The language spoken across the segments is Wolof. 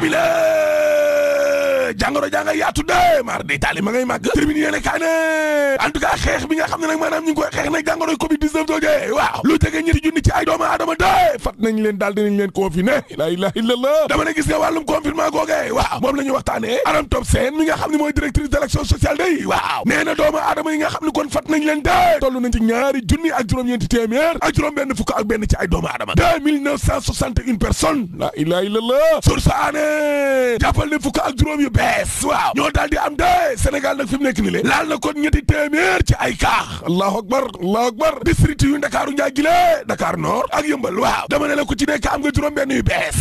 bismillah jàngoro jànga yaatu de mar di taali ma ngay màgg termine yéene kaa ne en xeex bi nga xam ne nag maanaam ñu ngi xeex nag jàngoroy covid 19 joojee waaw lu jege ñetti junni ci ay doomu aadama de fat nañ leen daal dinañ leen confiné la ilaha illallah dama ne gis nga wàllum confinement googee waaw moom la ñuy waxtaane aram top seen mi nga xam ne mooy directrice de l'action sociale day waaw nee na doomu aadama nga xam ne kon fat nañ leen de toll nañ ci ñaari junni ak juróom-ñeenti téeméer ak juróom benn fukk ak benn ci ay doomu aadama deux yees waaw ñoo daal di am de Sénégal nag fi mu nekk ni le laal na kon ñetti téeméer ci ay kaax allahu bar allahu akbar district yu ndakaaru njaay gile Dakar Nord ak yëmbal waaw dama ne la ku ci nekk am nga juróom benn yu bees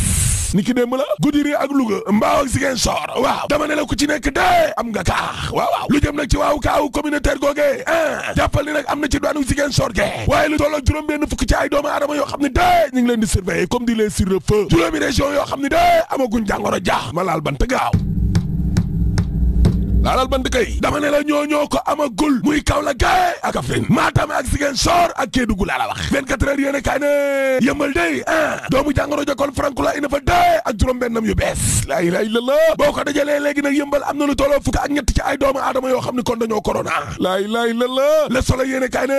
ni ki démb la Goudiri ak Louga Mbao ak Ziguinchor waaw dama ne la ku ci nekk dee am nga kaax waaw waaw lu jëm nag ci waaw kaaw communautaire googee ah jàppal ni nag am na ci daanu Ziguinchor gee waaye lu tolloo juróom benn fukki ci ay doomu aadama yoo xam ne dee ñu ngi leen di surveiller comme di leen sur le yoo xam ne amaguñ jàngoro jaax ma laal bant gaaw laalal bant kay dama ne la ñoo ñoo ko amagul muy Kaolack gaay ak Kaffrine Matam ak Ziguinchor ak Kédougou laa la wax 24 heures yéen a kaay ne yëmbal day ah doomu jàngoro jokkoon franku la ina fa dee ak juróom-bennam yu bees laa ilaha illallah boo ko dajalee léegi nag yëmbal am na lu tolloo fukk ak ñett ci ay doomu aadama yoo xam ne kon dañoo corona laa ilaha illallah Le Soleil yéen a kaay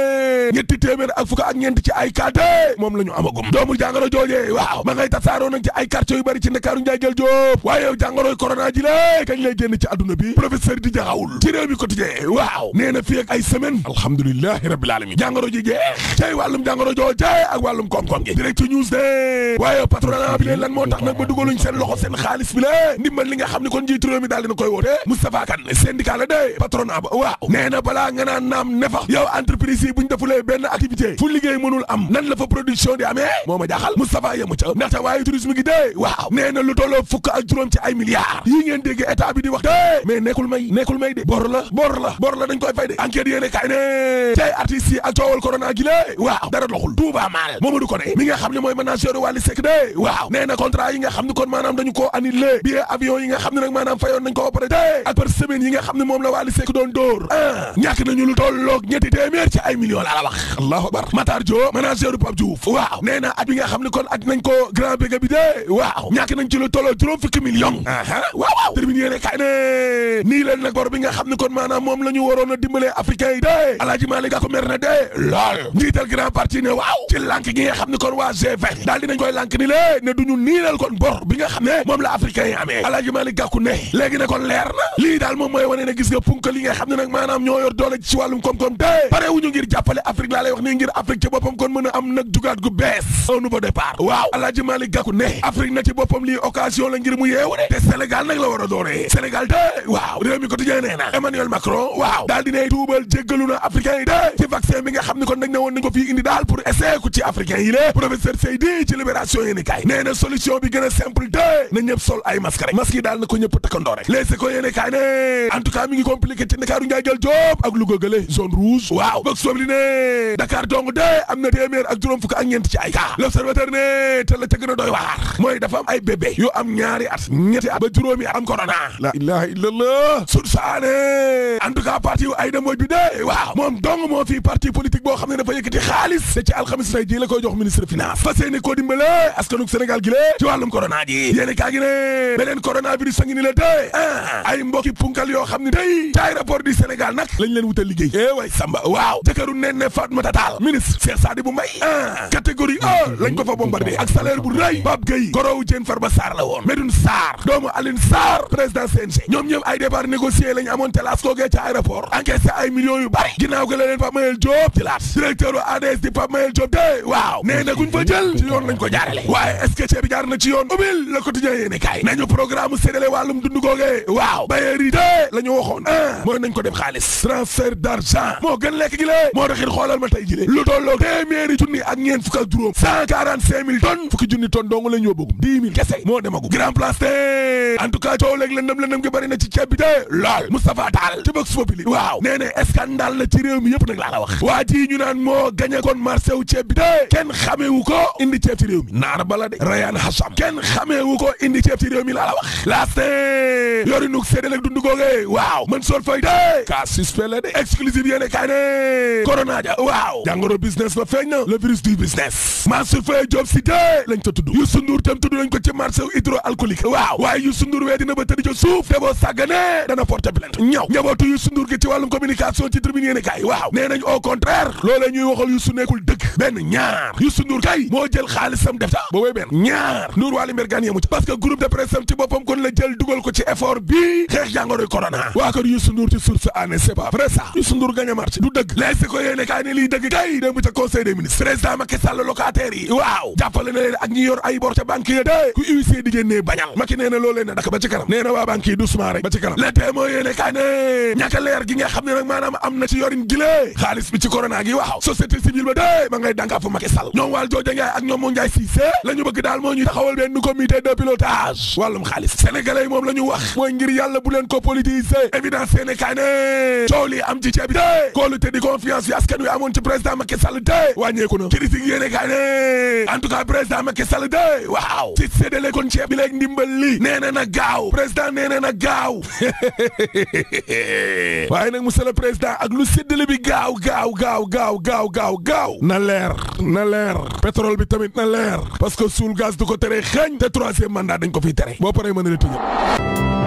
ñetti téeméer ak fukk ak ñeent ci ay kaate moom la ñu amagum doomu jàngoro joojee waaw ma ngay tasaaroo nag ci ay quartier yu bari ci Ndakaaru Njaay Jóob waaye yow jàngoroy corona ji bi docteur di jaxawul ci réew waaw nee na ay semaine alhamdulilahi rabbil alamin jàngoro jeex cay wàllum jàngoro joo ak wàllum koom-koom gi direct news de waaye patronat bi leen lan moo tax nag ba dugaluñ seen loxo seen xaalis bi ndimbal li nga xam ne kon njiitu réew mi koy woote Moustapha Kane syndicat la de patronat ba waaw nee balaa nga naam ne fax yow entreprise yi buñ defulee benn fu liggéey mënul am nan la fa production fay nekkul may de bor la bor dañ koy fay de enquête yéene kaay ne tey artistes coowal corona gi lée waaw dara doxul Touba maal Mamadou Koné mi nga xam ne mooy manager Wally Seck de waaw nee na yi nga xam ne kon maanaam dañu koo annulé billet avion yi nga xam ne nag maanaam fayoon nañ ko opéré ak par semaine yi nga xam ne moom la Wally Seck doon ah ñàkk nañu lu tolloog ñetti téeméer ci ay millions la allahu akbar Matar Dio manager Pape Diouf waaw leen nag bor bi nga xam ne kon maanaam moom la waroon a dimbalee africain yi dee alaaji Malick Gakou mer na dee lool njiital grand parti ne waaw ci lànk gi nga xam ne kon waa G20 daal dinañ koy lànk ni lée ne duñu niinal kon bor bi nga xam ne moom la africain yi amee alaaji Malick Gakou ne léegi ne kon leer na lii daal moom mooy wane ne gis nga punk li nga xam ne nag maanaam ñoo yor doole ci wàllum kon mën a am nag jugaat gu bees un nouveau départ waaw alaaji a doonee Sénégal ñu ko tijjee nee na Emmanuel Macron waaw daal dinay tuubal jéggalu na africain yi de ci vaccin bi nga xam ne kon dañ ne woon nañ ko indi daal pour essayer ku ci africain yi lée professeur Seydi ci libération yéeni kaay nee na solution bi gën a simple de na ñëpp sol ay masque rek masque na ko ñëpp takkandoo rek léegi ko yéene ne en tout cas mi ngi compliqué ci Ndakaaru njaay jël Joob ak Louga gële zone rouge waaw bog soob li ne Dakar dong de am na téeméer ak juróom a sut saane en tout cas parti wu bi de waaw moom dong moo fii parti politique boo xam ne dafa yëkkati xaalis te ci alxamis tay ji la koy jox ministre finance fas yéene koo dimbale askanug Sénégal gi lée ci wàllum corona ji yéene kaa gi ne beneen coronavirus sangi ni la te ah, ay mbokki punkal yoo xam ne tey ci aéroport du Sénégal nag lañ leen wutal liggéey eh way Samba waaw jëkkëru neen ne Fatmata Tall ministre Cheikh Sadibou a ah, catégorie A bu rëy Pape Gueye la négocier la ñu amoon te laas koogee ca aéroport encaissé ay millions yu bari ginnaaw ga la leen Pape Mayel Diop di laat directeur de waaw nee na kuñ fa ci yoon lañ ko jaarale waaye est ceeb jaar na ci yoon ubil le quotidien yéene kaay nañu programme séddale wàllum dund googee waaw bayeer de la ñu mooy nañ ko def xaalis transfert d'argent moo gën lekk gi moo taxit xoolal ma tey jile lu tolloo téeméeri junni ak ñeent ak juróom cent quarante cinq lool Moustapha Tall ci bëgg soppi waaw nee ne scandale ci réew mi yëpp nag laa a wax waa ji ñu naan moo gañe kon ceeb bi de kenn xameewu ko indi ceeb ci réew mi naar a de Rayane Hassam kenn xameewu ko indi la wax laast yori nuk seedal ak dundu googe waaw man sol fay de ka suspect de exclusive yéene kay ne waaw jàngoro business ba feeñ na virus du business Mansour Faye Diop si de lañ ko tudd Youssou Ndour tam tudd lañ ko ci marché hydroalcoolique waaw waaye Youssou Ndour na porté plainte ñaw njabootu Youssou Ndour gi ci wàllum communication ci tribune yéene waaw nee nañ au contraire ñuy waxal Youssou nekkul dëgg benn ñaar Youssou Ndour kay moo jël xaalisam def ta benn ñaar Ndour Waly Mbergane yemu ci parce que groupe de presse ci boppam kon la jël dugal ko ci effort bii xeex jàngoroy corona waa kër Youssou Ndour ci source année c'est pas vrai ça Youssou Ndour gañ du dëgg lay si ko yéene ne liy dëgg kay démb ca conseil des ministres témoins yéene kaa ne leer gi nga xam ne nag maanaam am na ci yorin gilee xaalis bi ci corona gi waaw société civile ba dee ma ngay dànkaafu Macky Sall ñoom wàll jooja Njaay ak ñoom moo Njaay Cissé la ñu bëgg daal moo ñuy taxawal benn comité de pilotage wàllum xaalis sénégalais moom la ñu wax mooy ngir yàlla bu ko politiser évidence yéene kaa ne am ci ceeb bi dee kóolute di confiance yi askan wi amoon ci président Macky Sall dee wàññeeku na critique yéene kaa ne en tout cas président Macky Sall dee waaw ci séddale bi léeg ndimbal li nee na na gaaw président nee na na gaaw waaye nag mu le président ak lu séddale bi gaaw gaaw gaaw gaaw gaaw gaaw gaaw na leer na leer pétrole bi tamit na leer parce que suul gaz du ko tere xeeñ te troisième mandat dañ ko fiy tere boo paree mën a la